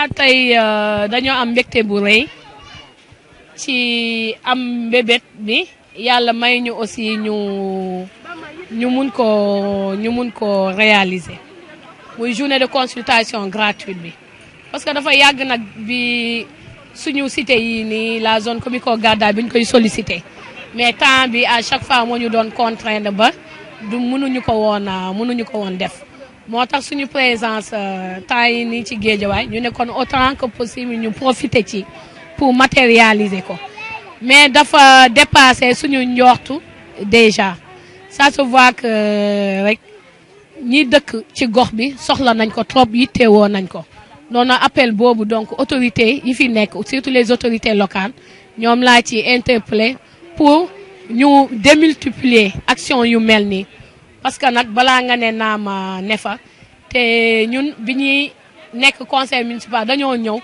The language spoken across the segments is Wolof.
ah tey euh, dañoo am mbégte bu rey ci am mbébét bi yàlla may ñu aussi ñu ñu mun ko ñu mun ko réaliser muy journée de consultation gratuite bi parce que dafa yàgg nag bi suñu cité yi nii la zone ko gadda bi ñu koy solicité mais temps bi à chaque fois moo ñu doon contraindre ba du mënuñu ko woon mënuñu ko woon def moo tax suñu présence euh, temps yi nii ci géejawaay ñu ne kon autant que possible ñu profiter ci pour matérialiser ko mais dafa dépasser suñu njortu déjà ça se voit que euh, rek ñi dëkk ci gox bi soxla nañ ko trop yittewoo nañ ko non appel Bobu donc autorités yi fi nekk surtout les autorités locales ñom la ci interpeller pour ñu démultiplier action yu melni Paskan ak bala angane nan ma ah, nefa, te yon bini nek konser municipal dan yon yon,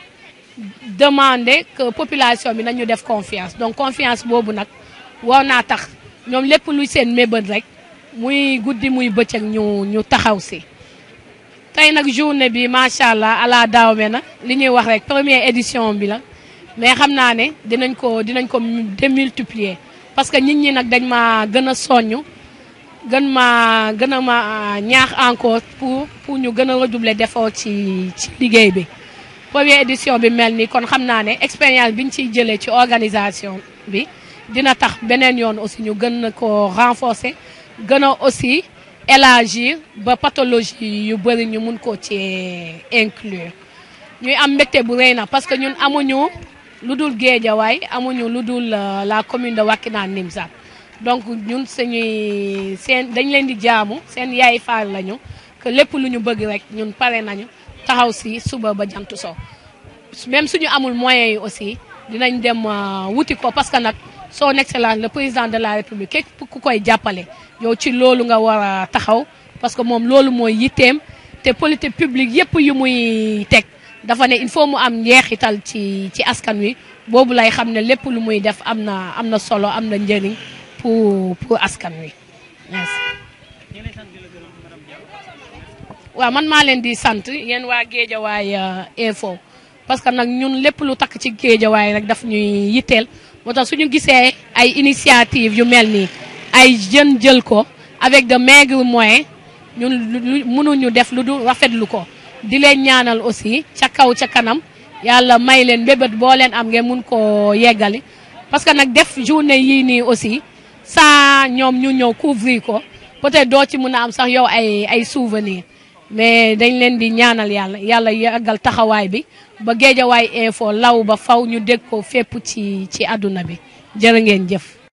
demande ke populasyon mi nan yon def konfians. Don konfians bo bon ak, waw natak, yon lepou lwisen me bedrek, mwi gout di mwi betek yon yon takaw se. Tayen ak jounen bi, masha Allah, ala dao mena, linye wakrek, premye edisyon bi la, men ram nane, dinan yon ko demultiplye, paskan yon yon ak deny ma gana son yon, gën maa gën a ma ñaax encore pour pour ñu gën a redoubler d'effort ci ci liggéey bi première édition bi mel nii kon xam naa ne expérience bi ñu ciy jëlee ci organisation bi dina tax beneen yoon aussi ñu gën ko renforcer gën aussi élargir ba pathologie yu bëri ñu mun ko ci inclure ñuy am mbégte bu rëy na parce que ñun amuñu lu dul Guédiawaye amuñu lu dul euh, la commune de Wakhinane Nimzatt donc ñun suñuy seen dañ leen di jaamu seen yaay faal lañu que lépp lu ñu bëgg rek ñun pare nañu taxaw si suba ba jant so même suñu amul moyens yi aussi dinañ dem euh, wuti ko parce que nag son excellence le président de la république képp ku koy jàppale yow ci loolu nga war a taxaw parce que moom loolu mooy yitteem te politique publique yëpp yu muy teg dafa ne il faut mu am njeexital ci ci askan wi boobu lay xam ne lépp lu muy def am na am na solo am na njëriñ pour pour askan wi waa man maa leen di sant yéen waa Géejawaay euh, info parce que nag ñun lépp lu takk ci Géejawaay rek daf ñuy yitteel moo tax suñu gisee ay initiative yu mel nii ay jeunes jël ko avec de maigres moyens ñun def lu du rafetlu ko di leen ñaanal aussi ca kaw ca kanam yàlla may leen bébét boo leen am ngeen mun koo yeggali parce que nag def journée yii nii aussi sans ñoom ñu ñëw couvrir ko peut-être doo ci mun a am sax yow ay ay souvenir mais dañ leen di ñaanal yàlla yàlla yàggal taxawaay bi ba Guédiawaye info law ba faw ñu dégg ko fépp ci ci àdduna bi jërë ngeen jëf